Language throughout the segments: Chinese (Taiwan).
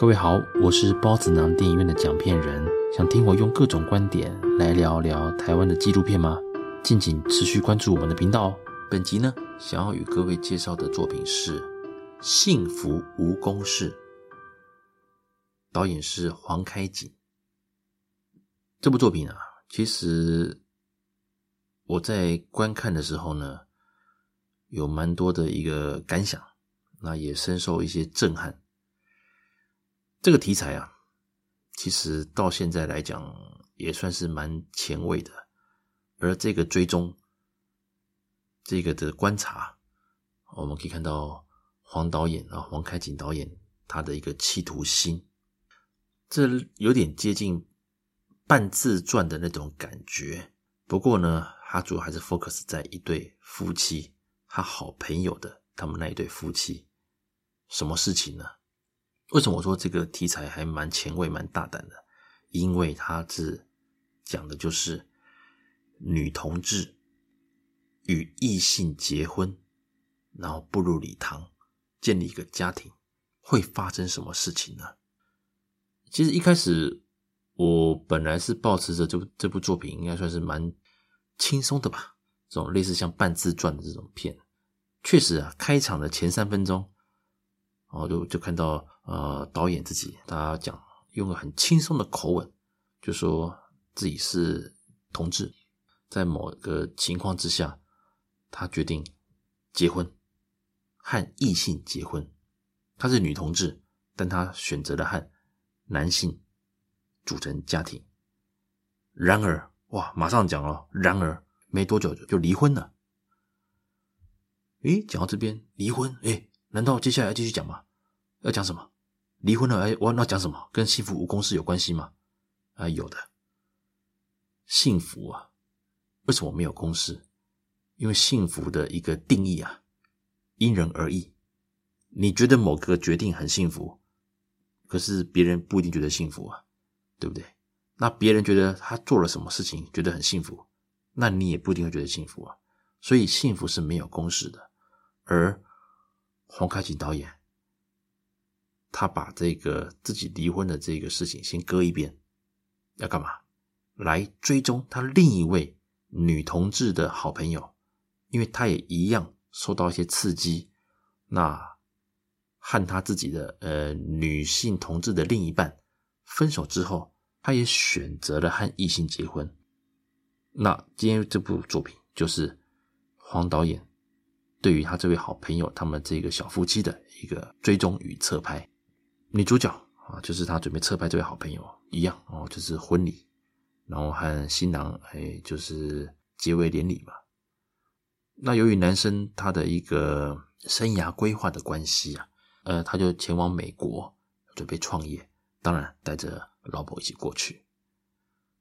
各位好，我是孢子囊電影院的講片人，想聽我用各種觀點來聊聊台灣的紀錄片嗎？敬請持續關注我們的頻道哦。本集呢，想要與各位介紹的作品是《幸福無公式》，導演是黃開璟。這部作品啊，其實我在觀看的時候呢，有蠻多的一個感想，那也深受一些震撼。這個題材啊，其實到現在來講也算是蠻前衛的。而這個追蹤，這個的觀察，我們可以看到黃導演啊，黃開璟導演他的一個企圖心，這有點接近半自傳的那種感覺。不過呢，他主要還是 focus 在一對夫妻，他好朋友的他們那一對夫妻，什麼事情呢？為什麼我說這個題材還蠻前衛、蠻大膽的？因為它是講的就是女同志與異性結婚，然後步入禮堂，建立一個家庭，會發生什麼事情呢？其實一開始我本來是抱持着這部這部作品應該算是蠻輕鬆的吧，這種類似像半自傳的這種片，確實啊，開場的前三分鐘。哦，就就看到，呃，導演自己，他講用了很輕鬆的口吻，就說自己是同志，在某個情況之下，他決定結婚，和異性結婚，他是女同志，但他選擇了和男性組成家庭。然而，哇，馬上講了，然而沒多久就，就離婚了。誒，講到這邊離婚，誒。難道接下來要繼續講嗎？要講什麼？離婚了哎，我要那講什麼？跟幸福無公式有關係嗎？啊，有的。幸福啊，為什麼沒有公式？因為幸福的一個定義啊，因人而異。你覺得某個決定很幸福，可是別人不一定覺得幸福啊，對不對？那別人覺得他做了什麼事情覺得很幸福，那你也不一定會覺得幸福啊。所以幸福是沒有公式的，而。黃開璟導演，他把這個自己離婚的這個事情先擱一邊，要幹嘛？來追蹤他另一位女同志的好朋友，因為他也一樣受到一些刺激。那和他自己的呃女性同志的另一半分手之後，他也選擇了和異性結婚。那今天這部作品就是黃導演。對於他這位好朋友，他們這個小夫妻的一個追蹤與側拍，女主角啊，就是他準備側拍這位好朋友一樣哦，就是婚禮，然後和新郎哎，就是結為連理嘛。那由於男生他的一個生涯規劃的關係啊，呃，他就前往美國準備創業，當然帶着老婆一起過去。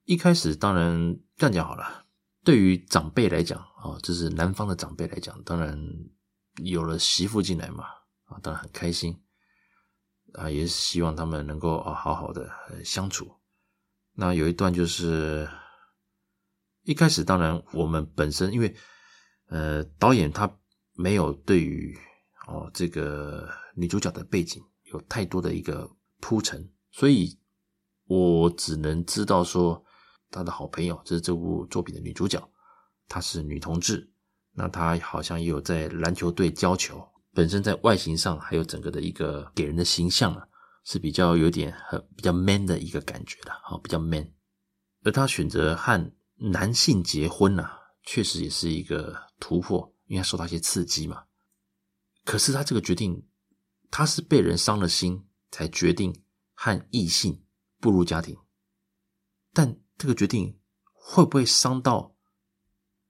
一開始當然這樣講好了。對於長輩來講，哦，就是男方的長輩來講，當然有了媳婦進來嘛，啊，當然很開心，啊，也是希望他們能夠啊，哦，好好的，呃，相處。那有一段就是一開始，當然我們本身因為呃導演他沒有對於哦這個女主角的背景有太多的一個鋪陳，所以我只能知道說。他的好朋友，這是這部作品的女主角，她是女同志，那她好像也有在籃球隊教球，本身在外形上還有整個的一個給人的形象啊，是比較有點很比較 man 的一個感覺的，好、哦、比較 man。而她選擇和男性結婚呢，啊，確實也是一個突破，因為她受到一些刺激嘛。可是她這個決定，她是被人傷了心才決定和異性步入家庭，但，這個決定會不會傷到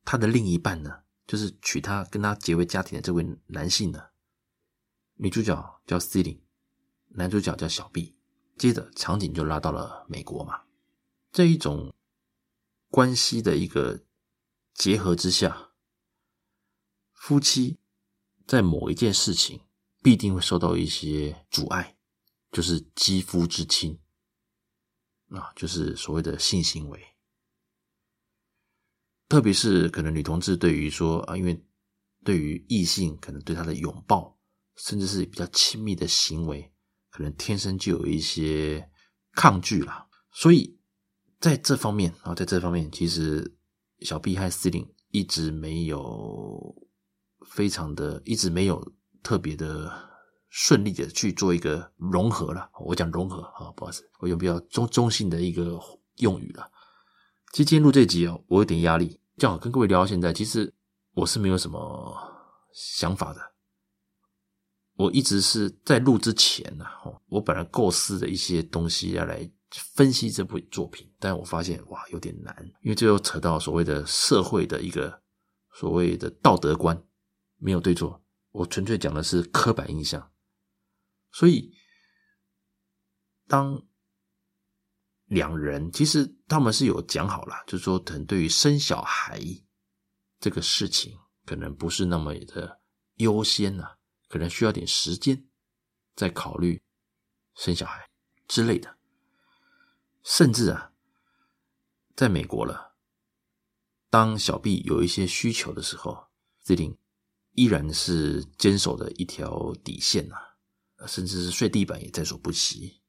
他的另一半呢？就是娶她跟他結為家庭的這位男性呢？女主角叫 C 琳，男主角叫小 B。接着場景就拉到了美國嘛。這一種關係的一個結合之下，夫妻在某一件事情必定會受到一些阻礙，就是肌膚之親。啊，就是所謂的性行為，特別是可能女同志對於說啊，因為對於異性，可能對她的擁抱，甚至是比較親密的行為，可能天生就有一些抗拒啦，所以在這方面啊，在這方面，其實小 B 和沁苓一直沒有非常的，一直沒有特別的。順利的去做一個融合了，我講融合啊，不好意思，我用比較中中性的一個用語了。其實今天錄這集哦、喔，我有點壓力，正好跟各位聊到現在，其實我是沒有什麼想法的。我一直是在錄之前呢，哦，我本來構思的一些東西要來分析這部作品，但我發現哇，有點難，因為最後扯到所謂的社會的一個所謂的道德觀，沒有對錯，我純粹講的是刻板印象。所以，當兩人其實他們是有講好了，就是說，可能對於生小孩這個事情，可能不是那麽的優先啊，可能需要點時間再考慮生小孩之類的。甚至啊，在美國了，當小 B 有一些需求的時候，沁苓依然是堅守的一條底線吶、啊。甚至是睡地板也在所不惜。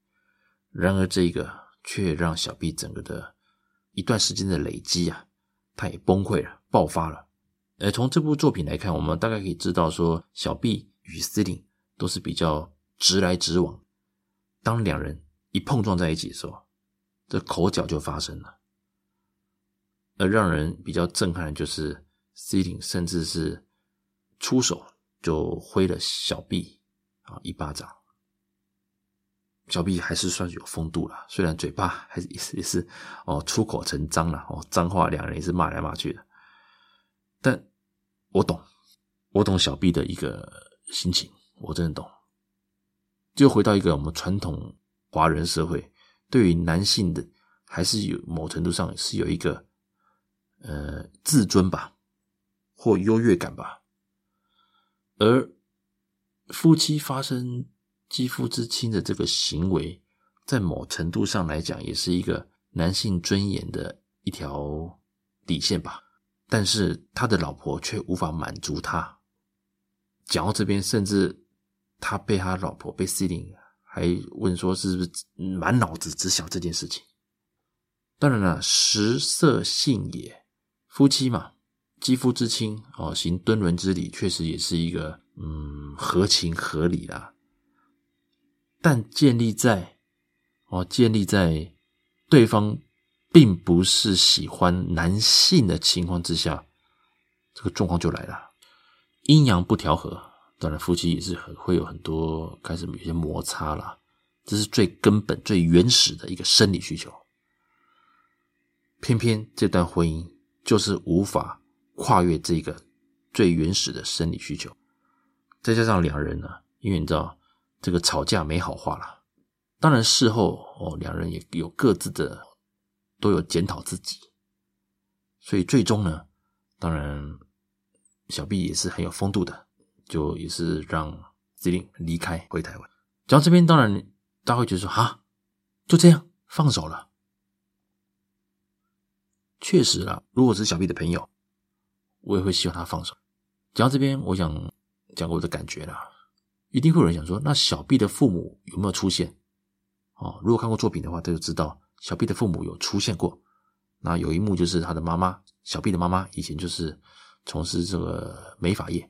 然而，這個卻讓小 B 整個的一段時間的累積啊，它也崩潰了，爆發了。而從這部作品來看，我們大概可以知道說，小 B 與 Sting 都是比較直來直往。當兩人一碰撞在一起的時候，這口角就發生了。而讓人比較震撼的就是，Sting 甚至是出手就揮了小 B。一巴掌，小 B 還是算是有風度了，雖然嘴巴還是也是哦，出口成髒了哦，髒話，兩人也是罵來罵去的，但我懂，我懂小 B 的一個心情，我真的懂。就回到一個我們傳統華人社會，對於男性的還是有某程度上是有一個呃自尊吧，或優越感吧，而。夫妻發生肌膚之親的這個行為，在某程度上來講，也是一個男性尊嚴的一條底線吧。但是他的老婆卻無法滿足他。講到這邊，甚至他被他老婆被吸引還問說是不是滿腦子只想這件事情。當然了，食色性也，夫妻嘛。肌膚之親哦，行敦倫之禮，確實也是一個嗯合情合理的。但建立在哦、喔、建立在對方並不是喜歡男性的情況之下，這個狀況就來了，陰陽不調和。當然，夫妻也是很會有很多開始有些摩擦了。這是最根本、最原始的一個生理需求。偏偏這段婚姻就是無法。跨越這個最原始的生理需求，再加上兩人呢、啊，因為你知道這個吵架沒好話啦。當然事後哦，兩人也有各自的都有檢討自己，所以最終呢，當然小 B 也是很有風度的，就也是讓沁苓離開回台灣。講到這邊當然大家會覺得說哈，就這樣放手了。確實啦、啊，如果是小 B 的朋友。我也會希望他放手。講到這邊，我想講過，我的感覺啦。一定會有人想說，那小 B 的父母有沒有出現？哦，如果看過作品的話，他就知道小 B 的父母有出現過。那有一幕就是他的媽媽，小 B 的媽媽以前就是從事這個美髮業，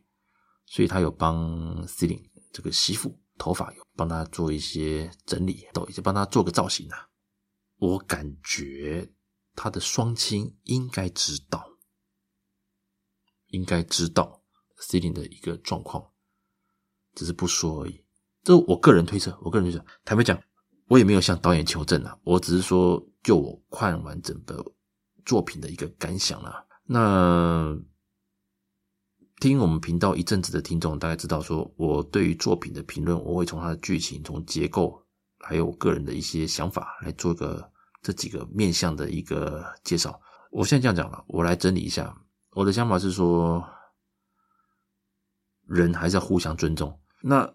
所以他有幫沁苓這個媳婦頭髮，有幫他做一些整理，都已經幫他做個造型啊。我感覺他的雙親應該知道。應該知道沁苓的一個狀況，只是不說而已。這是我個人推測。我個人推測，坦白講，我也沒有向導演求證啊。我只是說，就我看完整個作品的一個感想啦。那聽我們頻道一陣子的聽眾，大概知道說，說我對於作品的評論，我會從它的劇情、從結構，還有我個人的一些想法，來做個這幾個面向的一個介紹。我現在這樣講了，我來整理一下。我的想法是說，人還是要互相尊重。那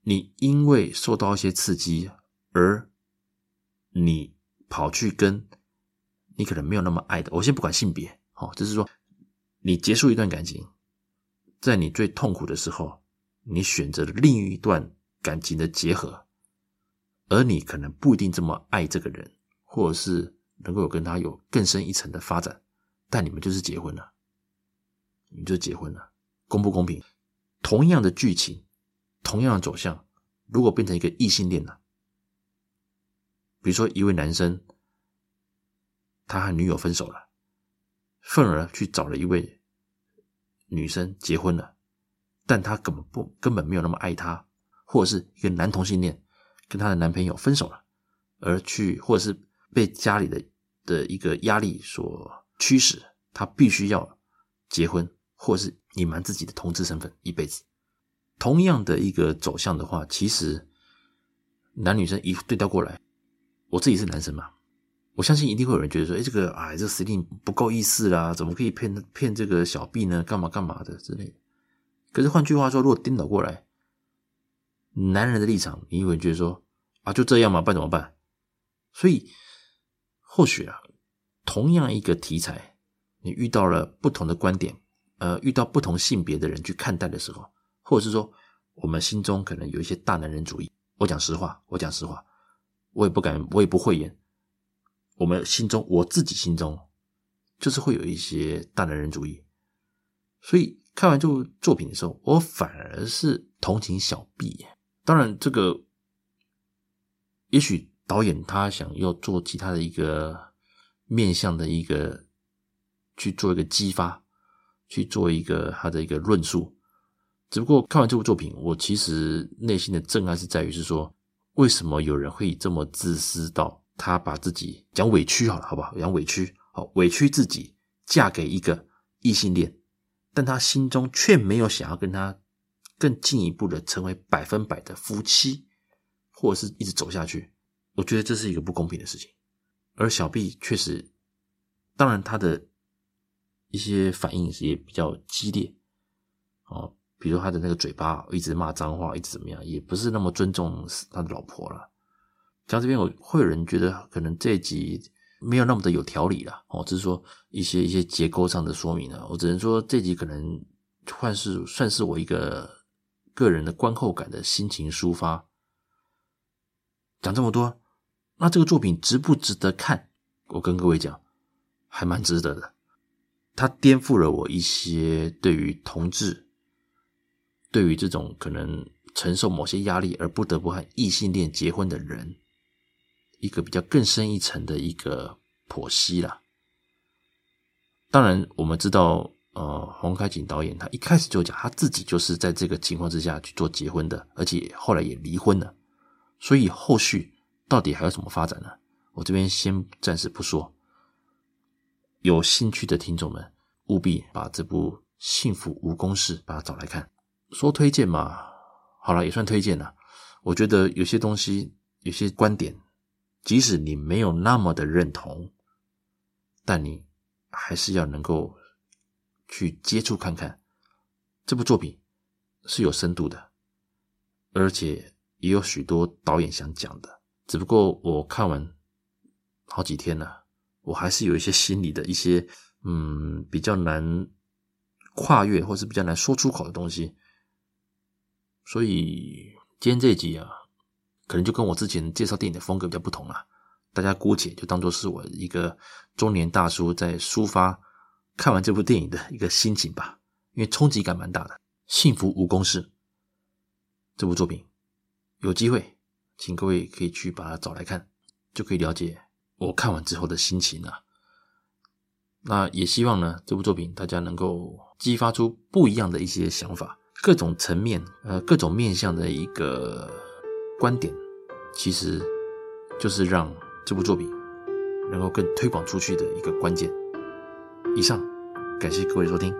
你因為受到一些刺激，而你跑去跟你可能沒有那麼愛的，我先不管性別，好，就是說你結束一段感情，在你最痛苦的時候，你選擇了另一段感情的結合，而你可能不一定這麼愛這個人，或者是能夠有跟他有更深一層的發展。但你們就是結婚了，你們就是結婚了，公不公平？同樣的劇情，同樣的走向，如果變成一個異性戀了。比如說，一位男生他和女友分手了，憤而去找了一位女生結婚了，但他根本不根本沒有那麼愛她，或者是一個男同性戀跟他的男朋友分手了，而去或者是被家裡的的一個壓力所。驅使他必須要結婚，或是隱瞞自己的同志身份一輩子。同樣的一個走向的話，其實男女生一對調過來，我自己是男生嘛，我相信一定會有人覺得說：“哎，這個哎、啊，這個司令不夠意思啦，怎麼可以騙騙這個小 B 呢？幹嘛幹嘛的之類的。”可是換句話說，如果顛倒過來，男人的立場，你有人覺得說：“啊，就這樣嘛，辦怎麼辦？”所以或許啊。同樣一個題材，你遇到了不同的觀點，呃，遇到不同性別的人去看待的時候，或者是說，我們心中可能有一些大男人主義。我講實話，我講實話，我也不敢，我也不諱言，我們心中，我自己心中，就是會有一些大男人主義。所以看完這部作品的時候，我反而是同情小 B。當然，這個也許導演他想要做其他的一個。面向的一個去做一個激發，去做一個他的一個論述。只不過看完這部作品，我其實內心的震撼是在於，是說為什麼有人會這麼自私到他把自己講委屈好了，好不好？講委屈，好，委屈自己嫁給一個異性戀，但他心中卻沒有想要跟他更進一步的成為百分百的夫妻，或者是一直走下去。我覺得這是一個不公平的事情。而小 B 確實，當然他的一些反應也比較激烈，哦，比如他的那個嘴巴一直罵髒話，一直怎麼樣，也不是那麼尊重他的老婆了。講這邊我會有人覺得可能這集沒有那麼的有條理了，哦，只是說一些一些結構上的說明了啊。我只能說這集可能算是算是我一個個人的觀後感的心情抒發。講這麼多。那這個作品值不值得看？我跟各位講，還蠻值得的。它顛覆了我一些對於同志、對於這種可能承受某些壓力而不得不和異性戀結婚的人，一個比較更深一層的一個剖析啦。當然，我們知道，呃，黃開璟導演他一開始就講，他自己就是在這個情況之下去做結婚的，而且後來也離婚了，所以後續。到底還有什麼發展呢？我這邊先暫時不說。有興趣的聽眾們，務必把這部《幸福無公式》把它找來看。說推薦嘛，好了也算推薦了。我覺得有些東西，有些觀點，即使你沒有那麼的認同，但你還是要能夠去接觸看看。這部作品是有深度的，而且也有許多導演想講的。只不過我看完好幾天了、啊，我還是有一些心裡的一些，嗯，比較難跨越，或是比較難說出口的東西。所以今天這一集啊，可能就跟我之前介紹電影的風格比較不同了、啊。大家姑且就當做是我一個中年大叔在抒發看完這部電影的一個心情吧，因為衝擊感蠻大的，《幸福無公式》這部作品有機會。請各位可以去把它找來看，就可以了解我看完之後的心情了啊。那也希望呢，這部作品大家能夠激發出不一樣的一些想法，各種層面，呃，各種面向的一個觀點，其實就是讓這部作品能夠更推廣出去的一個關鍵。以上，感謝各位的收聽，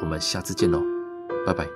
我們下次見哦，拜拜。